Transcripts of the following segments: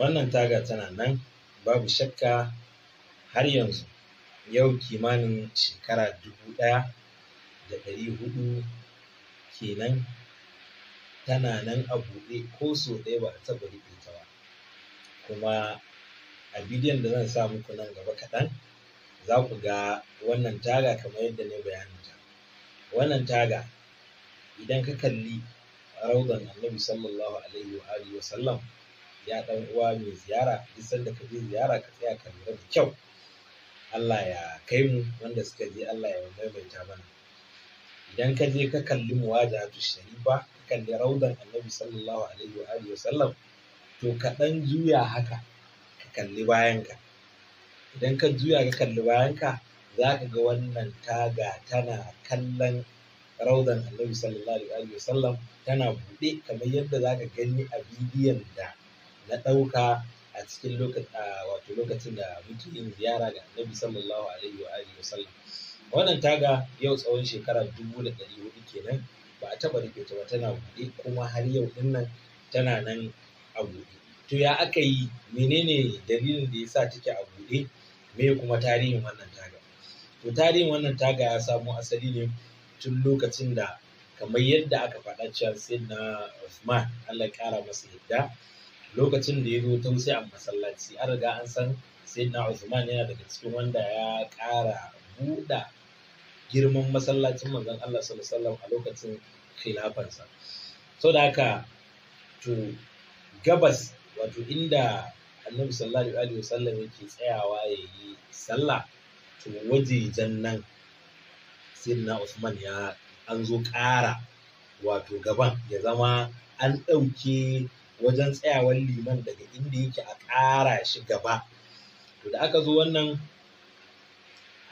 wannan taga tana nan babu shakka har yanzu yau kimanin shekara dubu ɗaya da ɗari hudu kenan tana nan a buɗe ko sau ɗaya ba a taɓa riƙe ta ba kuma a bidiyon da zan sa muku nan gaba kaɗan za ku ga wannan taga kamar yadda ne bayaninta wannan taga idan ka kalli raudan annabi sallallahu alaihi wa alihi wa sallam ya ɗan uwa mai ziyara duk sanda ka je ziyara ka tsaya ka lura da kyau Allah ya kai mu wanda suka je Allah ya maimaita mana idan ka je ka kalli muwajahatu sharifa ka kalli raudan annabi sallallahu alaihi wa alihi wasallam to ka dan juya haka ka kalli bayanka idan ka juya ka kalli bayanka za ka ga wannan taga tana kallon raudan annabi sallallahu alaihi wasallam tana buɗe kamar yadda za ka gani a bidiyon da na ɗauka a cikin wato lokacin da muke yin ziyara ga annabi sallallahu alaihi wa alihi wa sallam wannan taga yau tsawon shekara dubu da ɗari hudu kenan ba a taɓa rufe ta ba tana buɗe kuma har yau din nan tana nan a buɗe to ya aka yi menene dalilin da ya sa take a buɗe me kuma tarihin wannan taga to tarihin wannan taga ya samo asali ne tun lokacin da kamar yadda aka faɗa cewa sai na Uthman Allah ya ƙara masa yadda lokacin da ya zo sai a masallaci an riga an san sayyidina Usman yana daga cikin wanda ya ƙara buɗa girman masallacin manzon Allah sallallahu alaihi wasallam a lokacin khilafarsa so da haka to gabas wato inda annabi sallallahu alaihi wasallam yake tsayawa yayi yi sallah to wajejen nan sayyidina Usman ya an zo ƙara wato gaban ya zama an ɗauke wajen tsayawar liman daga inda yake a ƙara shi gaba to da aka zo wannan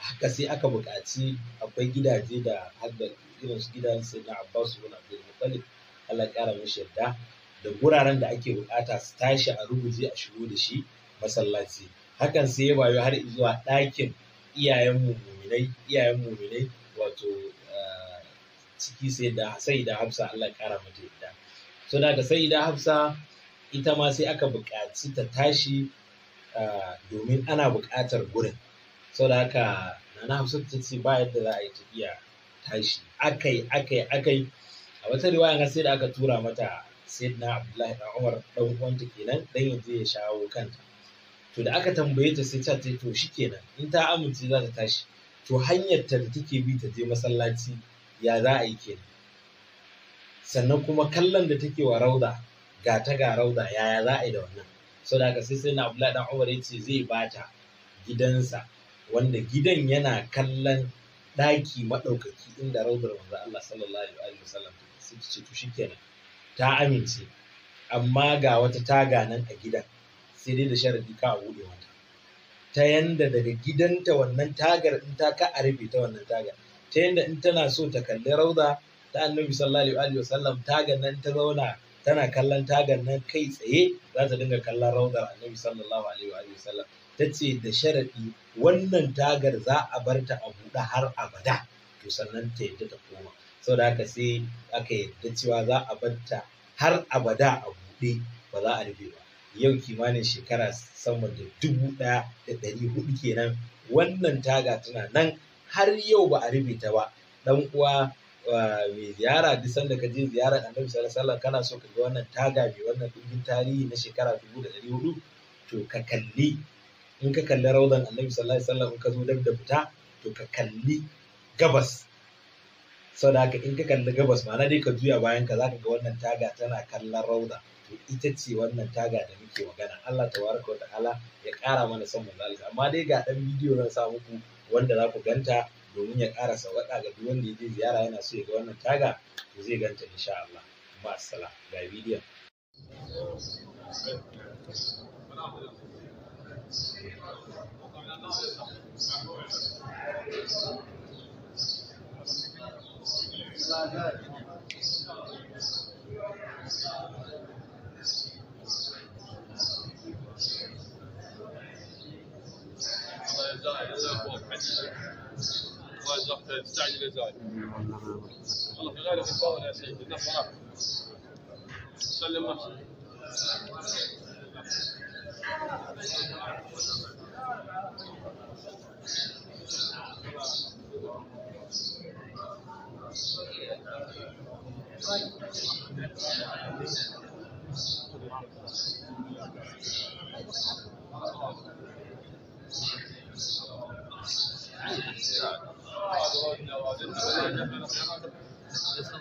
haka sai aka buƙaci akwai gidaje da hadda irin su gidan sai na Abbas ibn Abdul Muttalib Allah ƙara mishi yadda da guraren da ake buƙata su tashi a rubuce a shigo da shi masallaci hakan sai ya bayo har zuwa ɗakin iyayen muminai iyayen muminai wato eh, ciki sai da sai da Hafsa Allah ƙara mata yadda so da sai idan hafsa ita ma sai aka buƙaci ta tashi domin ana buƙatar gurin so da haka nana hafsa ta ce ba yadda za a yi tafiya tashi akai akai akai a wata riwaya sai da aka tura mata sai na abdullahi dan umar dan uwanta kenan dan yanzu ya shawo kanta to da aka tambaye ta sai ta ce to kenan, in ta amince za ta tashi to hanyar ta da take bi ta je masallaci ya za a yi kenan sannan kuma kallon da take wa rauda ga ta ga rauda yaya za a yi da wannan sau da sai sai na abdullahi dan umar ya ce zai bata gidansa wanda gidan yana kallon ɗaki maɗaukaki inda raudar manzo Allah sallallahu alaihi wasallam ta ce to shikenan ta amince amma ga wata taga nan a gidan sai dai da sharadi ka a buɗe mata ta yanda daga gidanta wannan tagar in ta ka a rufe ta wannan tagar ta yanda in tana so ta kalli rauda ta annabi sallallahu alaihi wasallam tagan nan ta zauna tana kallon tagan nan kai tsaye za ta dinga kallon raudar annabi sallallahu alaihi wasallam ta ce da sharaɗi wannan tagar za a bar ta a buɗe har abada to sannan ta yadda ta koma saboda haka sai aka yadda cewa za a bar ta har abada a buɗe ba za a rufe ba yau kimanin shekara sama da dubu ɗaya da ɗari hudu kenan wannan taga tana nan har yau ba a rufe ta ba ɗan uwa mai ziyara duk sanda ka je ziyarar annabi sallallahu alaihi kana so ka ga wannan taga mai wannan dubin tarihi na shekara dubu da ɗari hudu to ka kalli in ka kalli raudan annabi sallallahu alaihi wasallam in ka zo dab da fita to ka kalli gabas saboda haka in ka kalli gabas ma na dai ka juya bayan ka zaka ga wannan taga tana kallon rauda to ita ce wannan taga da muke magana Allah tabaraka wa ta'ala ya ƙara mana son mu amma dai ga ɗan bidiyo zan sa muku wanda za ku ganta domin ya ƙara sauƙaƙa ga duk wanda ya ziyara yana so ya ga wannan taga to zai ganta insha Allah ba sala ga bidiyon Allah ya الوقت تستعجل الزايد والله في غير الفاول يا سيدي الناس وراك سلم نفسك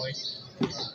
boys.